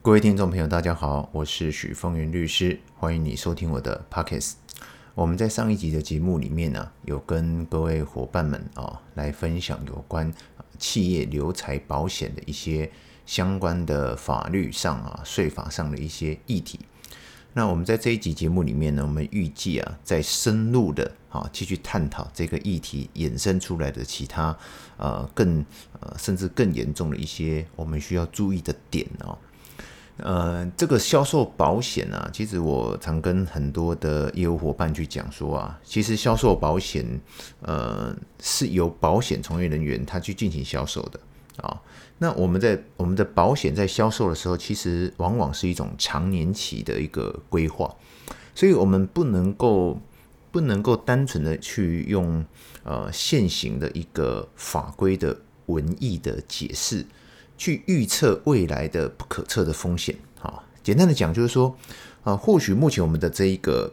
各位聽眾朋友，大家好，我是許峰源律師，歡迎你收聽我的 Podcast。我們在上一集的節目裡面呢、啊，有跟各位夥伴們啊來分享有關企業留才保險的一些相關的法律上啊稅法上的一些議題。那我們在這一集節目裡面呢，我們預計啊再深入的啊繼續探討這個議題衍生出來的其他啊、呃，更、呃、甚至更嚴重的一些我們需要注意的點哦、啊。呃，這個銷售保險呢、啊，其實我常跟很多的業務夥伴去講說啊，其實銷售保險，呃，是由保險從業人員他去進行銷售的啊、哦。那我們在我們的保險在銷售的時候，其實往往是一種長年期的一個規劃，所以我們不能夠不能夠單純的去用呃現行的一個法規的文義的解釋。去預測未來的不可測的風險，好，簡單的講就是說，啊，或許目前我們的這一個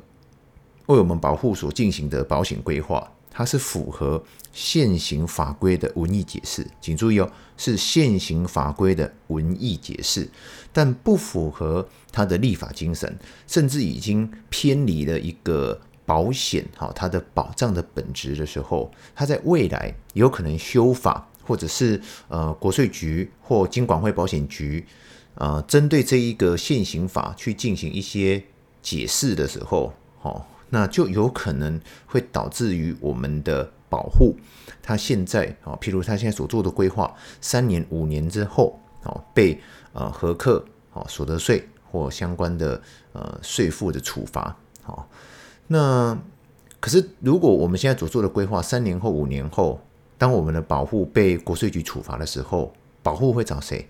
為我們保護所進行的保險規劃，它是符合現行法規的文義解釋，請注意哦，是現行法規的文義解釋，但不符合它的立法精神，甚至已經偏離了一個保險，哈，它的保障的本質的時候，它在未來有可能修法。或者是呃國稅局或金管會保險局，呃，針對這一個現行法去進行一些解釋的時候，哦，那就有可能會導致於我們的保護，他現在哦，譬如他現在所做的規劃，三年五年之後哦，被呃核課，哦所得稅或相關的呃稅負的處罰，哦，那可是如果我們現在所做的規劃，三年後五年後，當我們的保戶被國稅局處罰的時候，保戶會找誰？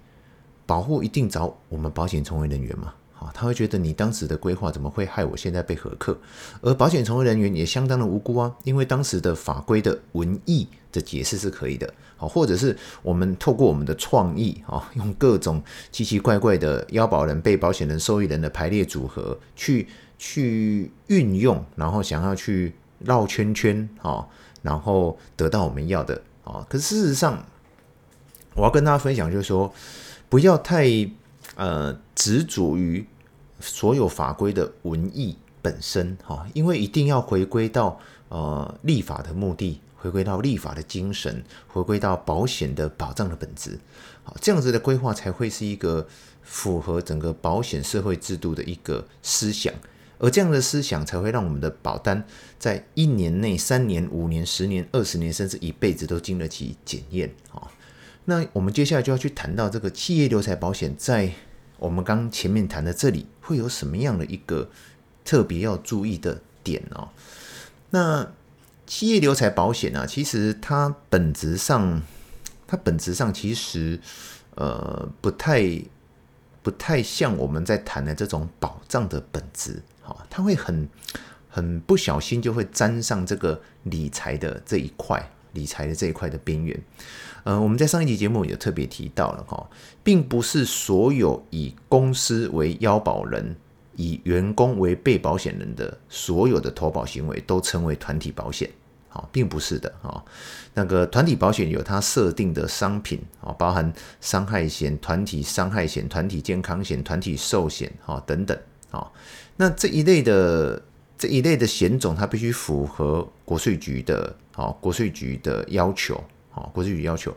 保戶一定找我們保險從業人員嘛？好，他會覺得你當時的規劃怎麼會害我現在被核課，而保險從業人員也相當的無辜啊，因為當時的法規的文義的解釋是可以的，好，或者是我們透過我們的創意啊，用各種奇奇怪怪的要保人、被保險人、受益人的排列組合去去運用，然後想要去繞圈圈、哦然後得到我們要的啊！可是事實上，我要跟大家分享，就是說，不要太呃執着於所有法規的文義本身哈，因為一定要回歸到呃立法的目的，回歸到立法的精神，回歸到保險的保障的本質，好，這樣子的規劃才會是一個符合整個保險社會制度的一個思想。而這樣的思想才會讓我們的保單在一年內、三年、五年、十年、二十年，甚至一輩子都經得起檢驗啊！那我們接下來就要去談到這個企業留才保險，在我們剛前面談的這裡，會有什麼樣的一個特別要注意的點呢？那企業留才保險呢、啊，其實它本質上，它本質上其實呃不太不太像我們在談的這種保障的本質。他會很很不小心就會沾上這個理財的這一塊，理財的這一塊的邊緣。嗯、呃，我們在上一期節目也特別提到了哈，並不是所有以公司為要保人、以員工為被保險人的所有的投保行為都稱為團體保險。好，並不是的啊。那個團體保險有它設定的商品啊，包含傷害險、團體傷害險、團體健康險、團體壽險啊等等。啊，那這一類的這一類的險種，它必須符合國稅局的啊、哦、國稅局的要求啊、哦、國稅局要求。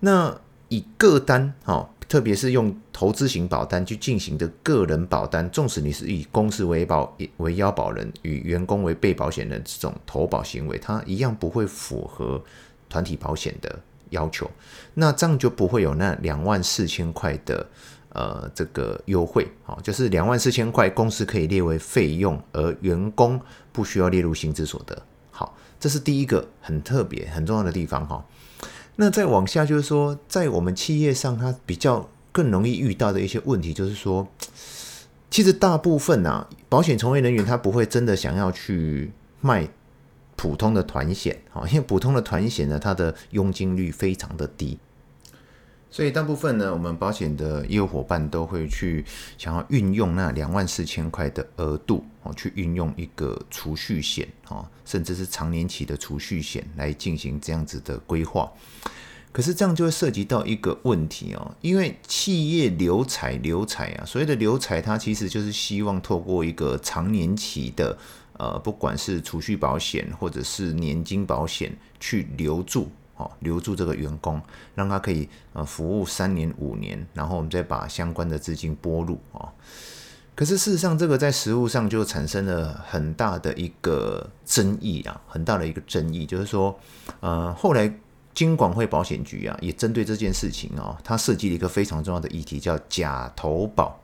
那以個單啊、哦，特別是用投資型保單去進行的個人保單，縱使你是以公司為保為要保人與員工為被保險人這種投保行為，它一樣不會符合團體保險的要求。那這樣就不會有那兩萬四千塊的。呃，這個優惠好，就是兩萬四千塊，公司可以列為費用，而員工不需要列入薪資所得。好，這是第一個很特別、很重要的地方哈。那再往下就是說，在我們企業上，它比較更容易遇到的一些問題，就是說，其實大部分啊，保險從業人員他不會真的想要去賣普通的團險啊，因為普通的團險呢，它的佣金率非常的低。所以大部分呢，我們保險的業務夥伴都會去想要運用那兩萬四千塊的額度去運用一個儲蓄險啊，甚至是長年期的儲蓄險來進行這樣子的規劃。可是這樣就會涉及到一個問題哦，因為企業留才留才啊，所謂的留才它其實就是希望透過一個長年期的呃，不管是儲蓄保險或者是年金保險，去留住。哦，留住這個員工，讓他可以呃服務三年五年，然後我們再把相關的資金撥入啊。可是事實上，這個在實務上就產生了很大的一個爭議啊，很大的一個爭議，就是說，呃，後來金管會保險局啊，也針對這件事情哦、啊，它設計了一個非常重要的議題，叫假投保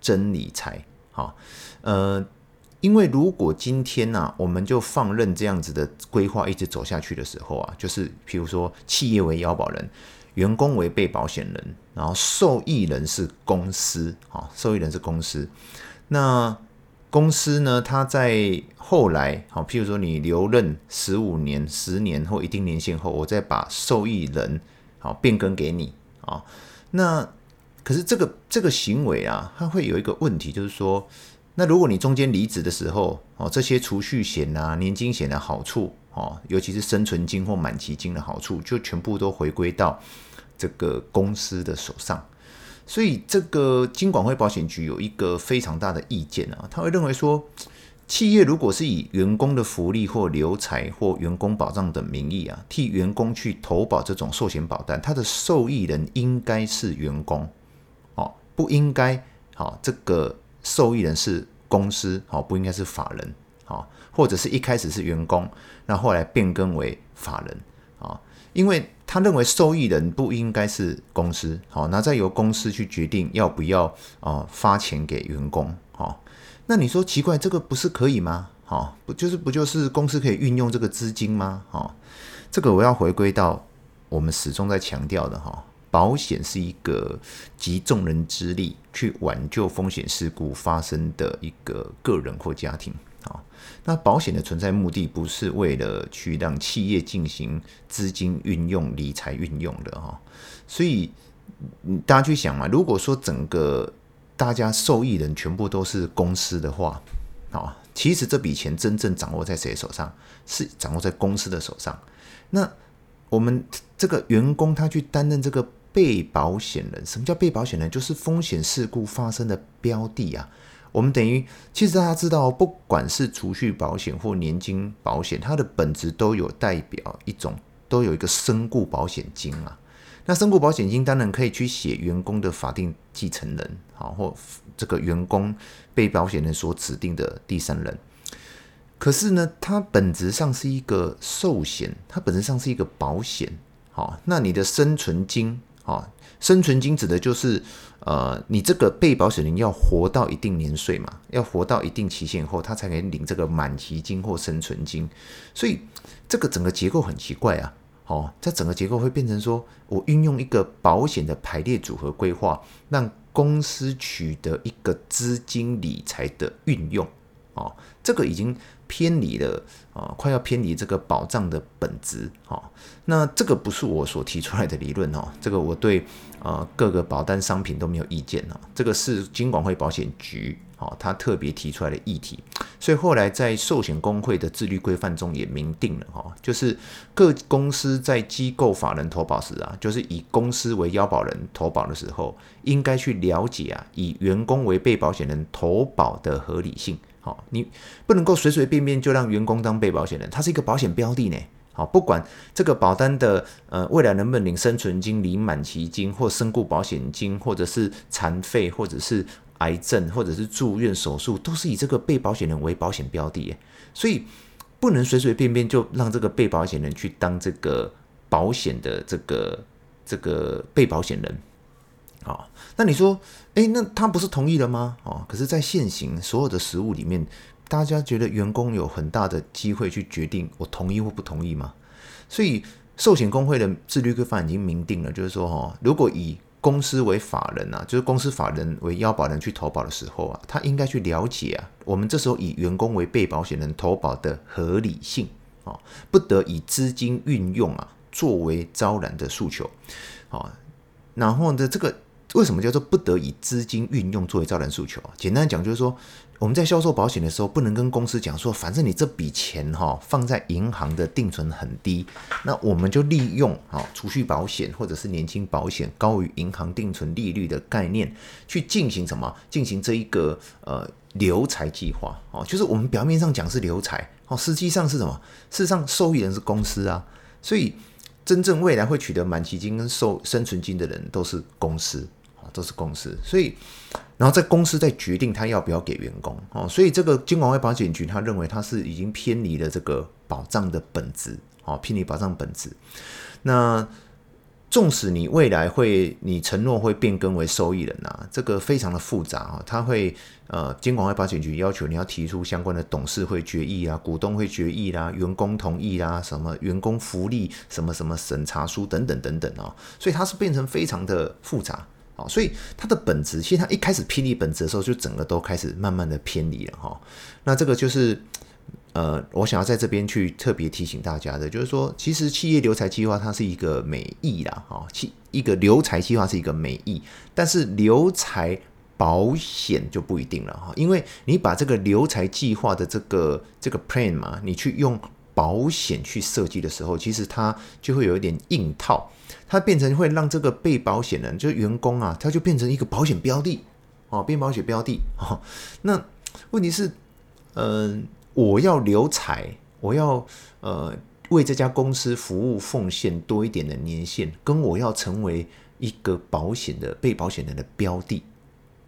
真理財，好、哦，呃。因為如果今天呢、啊，我們就放任這樣子的規劃一直走下去的時候啊，就是譬如說企業為要保人，員工為被保險人，然後受益人是公司啊，受益人是公司。那公司呢，它在後來啊，譬如說你留任十五年、十年或一定年限後，我再把受益人好變更給你啊。那可是這個這個行為啊，它會有一個問題，就是說。那如果你中間離職的時候，哦，這些儲蓄險啊、年金險的好處，哦，尤其是生存金或滿期金的好處，就全部都回歸到這個公司的手上。所以，這個金管會保險局有一個非常大的意見啊，他會認為說，企業如果是以員工的福利或留才或員工保障的名義啊，替員工去投保這種壽險保單，它的受益人應該是員工，哦，不應該，好、哦、這個。受益人是公司，好，不應該是法人，好，或者是一開始是員工，那後來變更為法人，啊，因為他認為受益人不應該是公司，好，那再由公司去決定要不要啊發錢給員工，好，那你說奇怪，這個不是可以嗎？好，不就是不就是公司可以運用這個資金嗎？好，這個我要回歸到我們始終在強調的哈。保險是一個集眾人之力去挽救風險事故發生的一個個人或家庭啊。那保險的存在目的不是為了去讓企業進行資金運用、理財運用的哈。所以大家去想嘛，如果說整個大家受益人全部都是公司的話，啊，其實這筆錢真正掌握在誰手上？是掌握在公司的手上。那我們這個員工他去擔任這個。被保險人，什麼叫被保險人？就是風險事故發生的標的啊。我們等於其實大家知道，不管是儲蓄保險或年金保險，它的本質都有代表一種，都有一個身故保險金啊。那身故保險金當然可以去寫員工的法定繼承人，好，或這個員工被保險人所指定的第三人。可是呢，它本質上是一個壽險，它本質上是一個保險。好，那你的生存金。哦，生存金指的就是，呃，你這個被保險人要活到一定年歲嘛，要活到一定期限後，他才能領這個滿期金或生存金。所以這個整個結構很奇怪啊！哦，在整個結構會變成說我運用一個保險的排列組合規劃，讓公司取得一個資金理財的運用哦。這個已經偏離了啊，快要偏離這個保障的本質哈、啊，那這個不是我所提出來的理論哈、啊，這個我對啊各個保單商品都沒有意見哈、啊，這個是金管會保險局啊，他特別提出來的議題。所以後來在壽險公會的自律規範中也明定了哈、啊，就是各公司在機構法人投保時啊，就是以公司為要保人投保的時候，應該去了解啊，以員工為被保險人投保的合理性。你不能夠隨隨便便就讓員工當被保險人，它是一個保險標的呢。好，不管這個保單的呃未來能不能領生存金、領滿期金或身故保險金，或者是殘廢，或者是癌症，或者是住院手術，都是以這個被保險人為保險標的耶，所以不能隨隨便便就讓這個被保險人去當這個保險的這個這個被保險人。好、哦，那你說，哎，那他不是同意了嗎？哦，可是，在現行所有的實務裡面，大家覺得員工有很大的機會去決定我同意或不同意嗎？所以，壽險公會的自律規範已經明定了，就是說，哦，如果以公司為法人啊，就是公司法人為要保人去投保的時候啊，他應該去了解啊，我們這時候以員工為被保險人投保的合理性啊、哦，不得以資金運用啊作為招攬的訴求。好、哦，然後呢，這個。為什麼叫做不得以資金運用作為招攬訴求啊？簡單講就是說，我們在銷售保險的時候，不能跟公司講說，反正你這筆錢哈、哦、放在銀行的定存很低，那我們就利用啊、哦、儲蓄保險或者是年金保險高於銀行定存利率的概念，去進行什麼？進行這一個呃留財計劃哦，就是我們表面上講是留財哦，實際上是什麼？事實上受益人是公司啊，所以真正未來會取得滿期金跟受生存金的人都是公司。都是公司，所以，然後在公司在決定他要不要給員工哦，所以這個金管會保險局他認為他是已經偏離了這個保障的本質哦，偏離保障本質。那縱使你未來會你承諾會變更為受益人吶、啊，這個非常的複雜啊、哦，他會呃，金管會保險局要求你要提出相關的董事會決議啊、股東會決議啦、啊、員工同意啦、啊、什麼員工福利什麼什麼審查書等等等等哦，所以它是變成非常的複雜。所以它的本質，其實它一開始偏離本質的時候，就整個都開始慢慢的偏離了哈。那這個就是，呃，我想要在這邊去特別提醒大家的，就是說，其實企業留才計劃它是一個美意啦，哈，其一個留才計劃是一個美意，但是留才保險就不一定了哈，因為你把這個留才計劃的這個這個 plan 嘛，你去用。保險去設計的時候，其實它就會有一點硬套，它變成會讓這個被保險人，就員工啊，它就變成一個保險標的哦，被保險標的哦，那問題是，嗯、呃，我要留才，我要呃為這家公司服務奉獻多一點的年限，跟我要成為一個保險的被保險人的標的。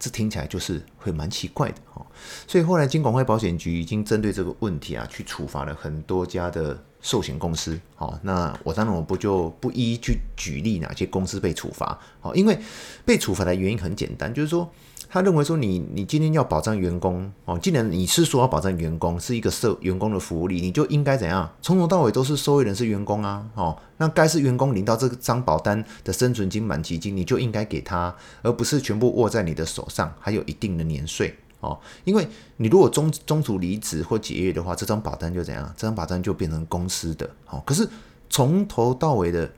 這聽起來就是會蠻奇怪的哈、哦，所以後來金管會保險局已經針對這個問題啊，去處罰了很多家的。壽險公司，好，那我當然我不就不一一去舉例哪些公司被處罰，好，因為被處罰的原因很簡單，就是說他認為說你你今天要保障員工，哦，既然你是說要保障員工是一個社員工的福利，你就應該怎樣，從頭到尾都是受益人是員工啊，哦，那該是員工領到這張保單的生存金滿期金，你就應該給他，而不是全部握在你的手上，還有一定的年稅。哦，因為你如果中中途離職或解約的話，這張保單就怎樣？這張保單就變成公司的。哦，可是從頭到尾的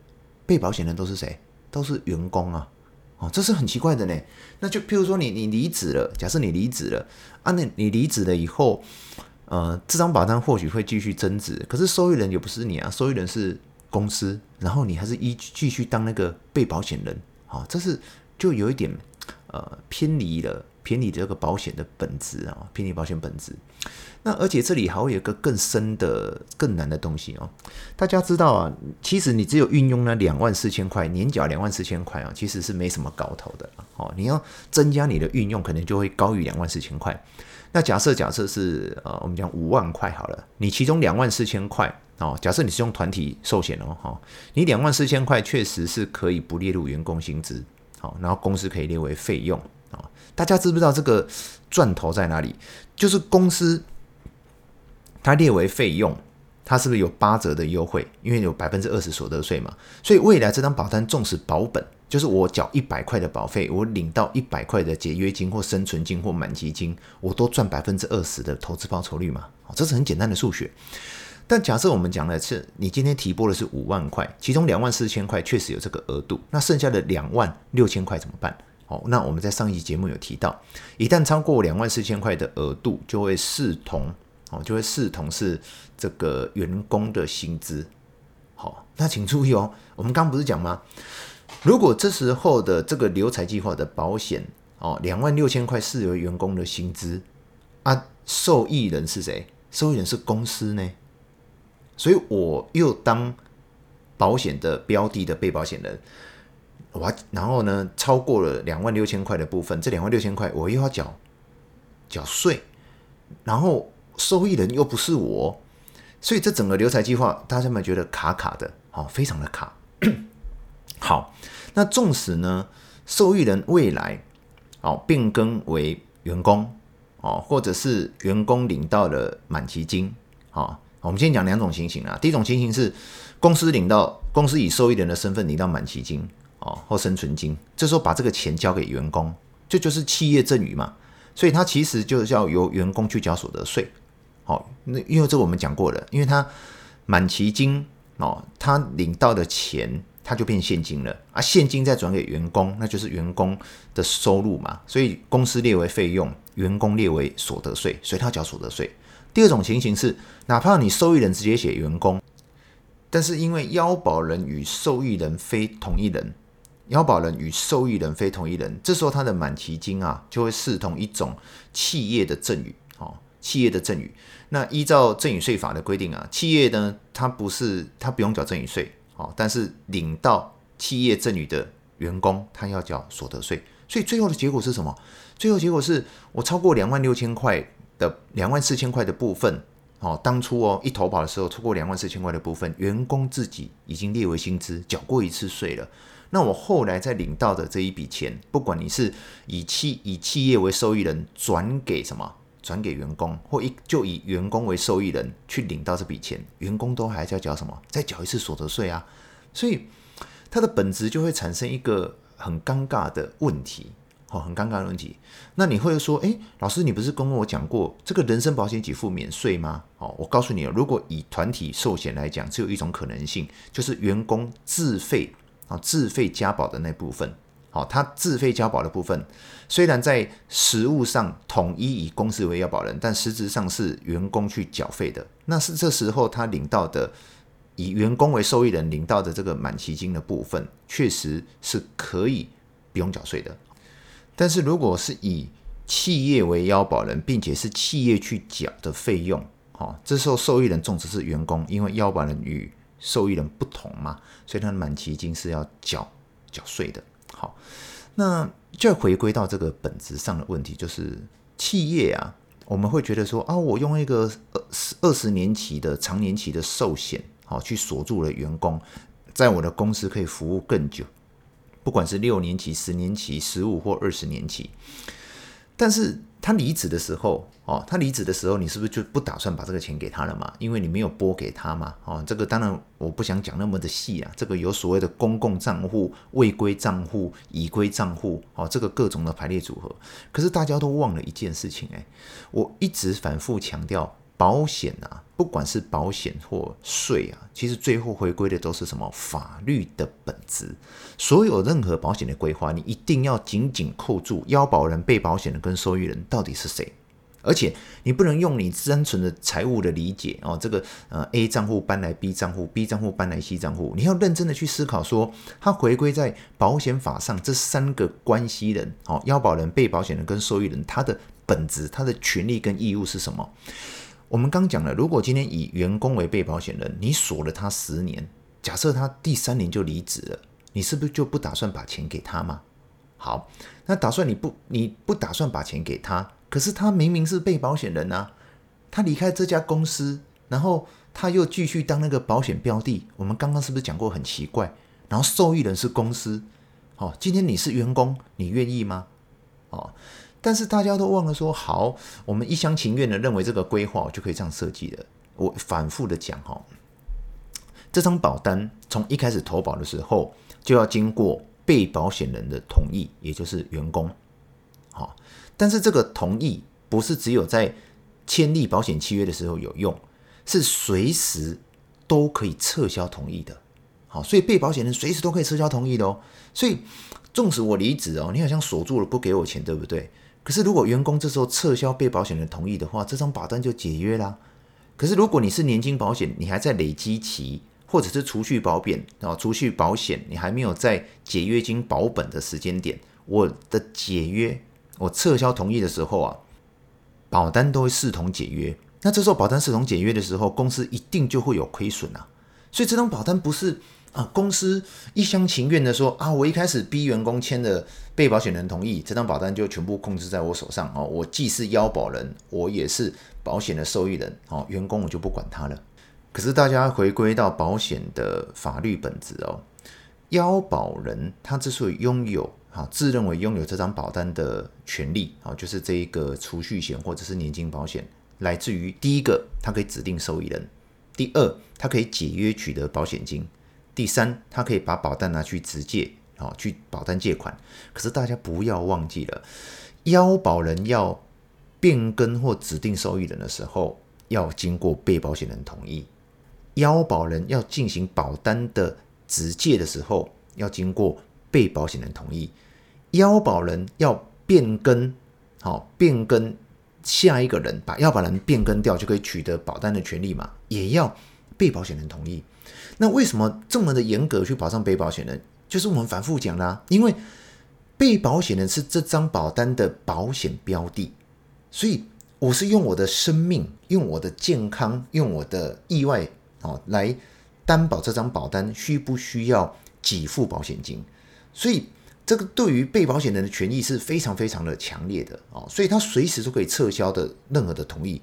被保險人都是誰？都是員工啊。哦，這是很奇怪的呢。那就譬如說你你離職了，假設你離職了啊，那你離職了以後，呃，這張保單或許會繼續增值，可是受益人也不是你啊，受益人是公司，然後你還是一繼續當那個被保險人。哦，這是就有一點呃偏離了。偏離這個保險的本質啊、哦，偏離保險本質。那而且這裡還會有一個更深的、更難的東西哦。大家知道啊，其實你只有運用了兩萬四千塊，年繳兩萬四千塊啊，其實是沒什麼搞頭的哦。你要增加你的運用，可能就會高於兩萬四千塊。那假設假設是呃、哦，我們講五萬塊好了，你其中兩萬四千塊哦，假設你是用團體壽險哦，哦，你你兩萬四千塊確實是可以不列入員工薪資，好、哦，然後公司可以列為費用。大家知不知道這個賺頭在哪裡？就是公司它列為費用，它是不是有八折的優惠？因為有百分之二十所得稅嘛，所以未來這張保單縱使保本，就是我繳一百塊的保費，我領到一百塊的解約金或生存金或滿期金，我都賺百分之二十的投資報酬率嘛。這是很簡單的數學。但假設我們講的是你今天提撥的是五萬塊，其中兩萬四千塊確實有這個額度，那剩下的兩萬六千塊怎麼辦？那我們在上一集節目有提到，一旦超過兩萬四千塊的額度，就會視同哦，就會視同是這個員工的薪資。好，那請注意哦，我們剛剛不是講嗎？如果這時候的這個留才計劃的保險哦，兩萬六千塊視為員工的薪資啊，受益人是誰？受益人是公司呢？所以我又當保險的標的的被保險人。我然後呢，超過了兩萬六千塊的部分，這兩萬六千塊我又要繳繳稅，然後受益人又不是我，所以這整個留才計劃大家有沒有覺得卡卡的？哦，非常的卡。 好，那縱使呢，受益人未來哦變更為員工哦，或者是員工領到了滿期金啊、哦，我們先講兩種情形啊。第一種情形是公司領到公司以受益人的身份領到滿期金。哦，或生存金，這時候把這個錢交給員工，這就是企業贈與嘛，所以他其實就是要由員工去繳所得稅。好、哦，那因為這我們講過了，因為他滿期金哦，他領到的錢他就變現金了啊，現金再轉給員工，那就是員工的收入嘛，所以公司列為費用，員工列為所得稅，所以他繳所得稅。第二種情形是，哪怕你受益人直接寫員工，但是因為要保人與受益人非同一人。要保人與受益人非同一人，這時候他的滿期金啊，就會視同一種企業的贈與哦，企業的贈與。那依照贈與稅法的規定啊，企業呢，他不是他不用繳贈與稅哦，但是領到企業贈與的員工，他要繳所得稅。所以最後的結果是什麼？最後結果是我超過兩萬六千塊的兩萬四千塊的部分哦，當初哦一投保的時候超過兩萬四千塊的部分，員工自己已經列為薪資繳過一次稅了。那我後來再領到的這一筆錢，不管你是以企以企業為受益人轉給什麼，轉給員工，或一就以員工為受益人去領到這筆錢，員工都還要繳什麼？再繳一次所得稅啊！所以它的本質就會產生一個很尷尬的問題，哦，很尷尬的問題。那你會說，誒，老師，你不是跟我講過這個人身保險給付免稅嗎？哦，我告訴你，如果以團體壽險來講，只有一種可能性，就是員工自費。啊，自費加保的那部分，好，他自費加保的部分，雖然在實務上統一以公司為要保人，但實質上是員工去繳費的，那是這時候他領到的以員工為受益人領到的這個滿期金的部分，確實是可以不用繳稅的。但是如果是以企業為要保人，並且是企業去繳的費用，哦，這時候受益人縱使是員工，因為要保人與受益人不同嘛，所以它的滿期金是要繳繳稅的。好，那就回歸到這個本質上的問題，就是企業啊，我們會覺得說啊，我用一個二二十年期的長年期的壽險，好去鎖住了員工，在我的公司可以服務更久，不管是六年期、十年期、十五或二十年期，但是。他離職的時候，哦，他離職的時候，你是不是就不打算把這個錢給他了嘛？因為你沒有撥給他嘛，哦，這個當然我不想講那麼的細啊，這個有所謂的公共賬戶、未歸賬戶、已歸賬戶，哦，這個各種的排列組合。可是大家都忘了一件事情，欸，誒，我一直反復強調，保險啊。不管是保險或稅啊，其實最後回歸的都是什麼？法律的本質。所有任何保險的規劃，你一定要緊緊扣住要保人、被保險人跟受益人到底是誰，而且你不能用你單純的財務的理解哦。這個呃 A 賬戶搬來 B 賬戶，B 賬戶搬來 C 賬戶，你要認真的去思考說，它回歸在保險法上這三個關係人哦，要保人、被保險人跟受益人，他的本質、他的權利跟義務是什麼？我們剛講了，如果今天以員工為被保險人，你鎖了他十年，假設他第三年就離職了，你是不是就不打算把錢給他嗎？好，那打算你不你不打算把錢給他，可是他明明是被保險人啊，他離開這家公司，然後他又繼續當那個保險標的。我們剛剛是不是講過很奇怪？然後受益人是公司，哦。今天你是員工，你願意嗎？哦。但是大家都忘了說，好，我們一廂情願的認為這個規劃就可以這樣設計的。我反覆的講哈、哦，這張保單從一開始投保的時候就要經過被保險人的同意，也就是員工，好，但是這個同意不是只有在簽立保險契約的時候有用，是隨時都可以撤銷同意的，好，所以被保險人隨時都可以撤銷同意的哦。所以，縱使我離職哦，你好像鎖住了不給我錢，對不對？可是，如果員工這時候撤銷被保險人同意的話，這張保單就解約啦。可是，如果你是年金保險，你還在累積期，或者是儲蓄保單啊，儲蓄保險，你還沒有在解約金保本的時間點，我的解約，我撤銷同意的時候啊，保單都會視同解約。那這時候保單視同解約的時候，公司一定就會有虧損啊。所以，這張保單不是。啊，公司一廂情願地說啊，我一開始逼員工簽了被保險人同意，這張保單就全部控制在我手上哦。我既是要保人，我也是保險的受益人哦。員工我就不管他了。可是大家回歸到保險的法律本質哦，要保人他之所以擁有啊、哦，自認為擁有這張保單的權利啊、哦，就是這一個儲蓄險或者是年金保險，來自於第一個，他可以指定受益人；第二，他可以解約取得保險金。第三，他可以把保單拿去質借，好、哦、去保單借款。可是大家不要忘記了，要保人要變更或指定受益人的時候，要經過被保險人同意；要保人要進行保單的質借的時候，要經過被保險人同意；要保人要變更，好、哦、變更下一個人，把要保人變更掉就可以取得保單的權利嘛，也要被保險人同意。那為什麼這麼的嚴格去保障被保險人？就是我們反复講啦啊，因為被保險人是這張保單的保險標的，所以我是用我的生命、用我的健康、用我的意外啊來擔保這張保單需不需要給付保險金。所以這個對於被保險人的權益是非常非常的強烈的啊，所以他隨時都可以撤銷的任何的同意。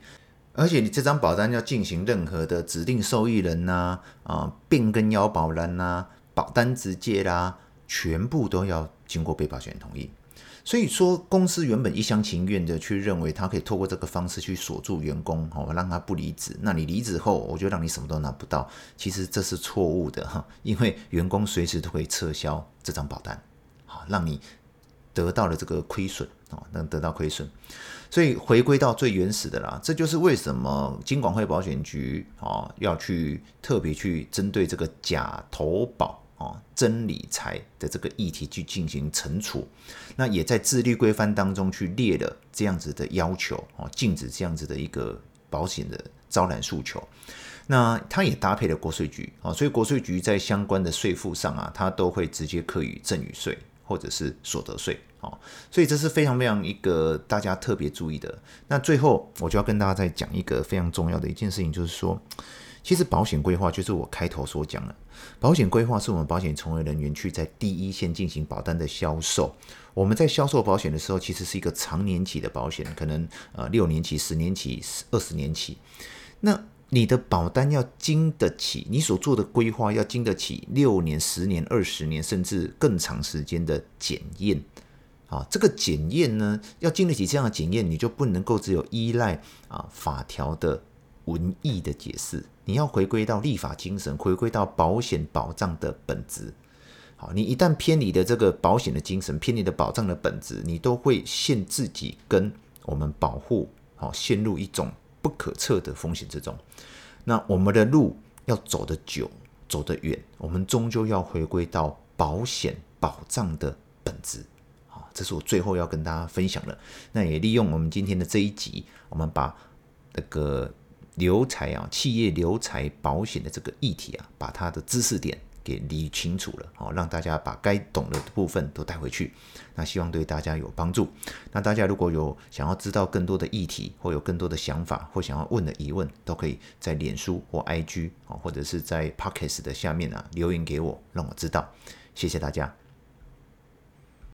而且你這張保單要進行任何的指定受益人吶、啊，啊、呃，變更要保人吶，保單質借啦、啊，全部都要經過被保險人同意。所以說，公司原本一廂情願的去認為，他可以透過這個方式去鎖住員工，哦，讓他不離職。那你離職後，我就讓你什麼都拿不到。其實這是錯誤的哈，因為員工隨時都會撤銷這張保單，好，讓你。得到了這個虧損啊，能得到虧損，所以回歸到最原始的啦，這就是為什麼金管會保險局啊要去特別去針對這個假投保啊、真理財的這個議題去進行懲處，那也在自律規範當中去列了這樣子的要求啊，禁止這樣子的一個保險的招攬訴求，那它也搭配了國稅局啊，所以國稅局在相關的稅負上啊，它都會直接課予贈與稅。或者是所得稅，哦，所以這是非常非常一個大家特別注意的。那最後，我就要跟大家再講一個非常重要的一件事情，就是說，其實保險規劃就是我開頭所講的，保險規劃是我們保險從業人員去在第一線進行保單的銷售。我們在銷售保險的時候，其實是一個長年期的保險，可能呃六年期、十年期、二二十年期。那你的保單要經得起，你所做的規劃要經得起六年、十年、二十年甚至更長時間的檢驗，啊，這個檢驗呢，要經得起這樣的檢驗，你就不能夠只有依賴啊法條的文義的解釋，你要回歸到立法精神，回歸到保險保障的本質，好，你一旦偏離了這個保險的精神，偏離了保障的本質，你都會陷自己跟我們保護好、啊、陷入一種。不可測的風險之中，那我們的路要走得久，走得遠，我們終究要回歸到保險保障的本質。好，這是我最後要跟大家分享的。那也利用我們今天的這一集，我們把那個留財啊，企業留財保險的這個議題啊，把它的知識點。也理清楚了，哦，讓大家把該懂的部分都帶回去。那希望對大家有幫助。那大家如果有想要知道更多的議題，或有更多的想法，或想要問的疑問，都可以在臉書或 IG，哦，或者是在 Podcast 的下面啊留言給我，讓我知道。謝謝大家。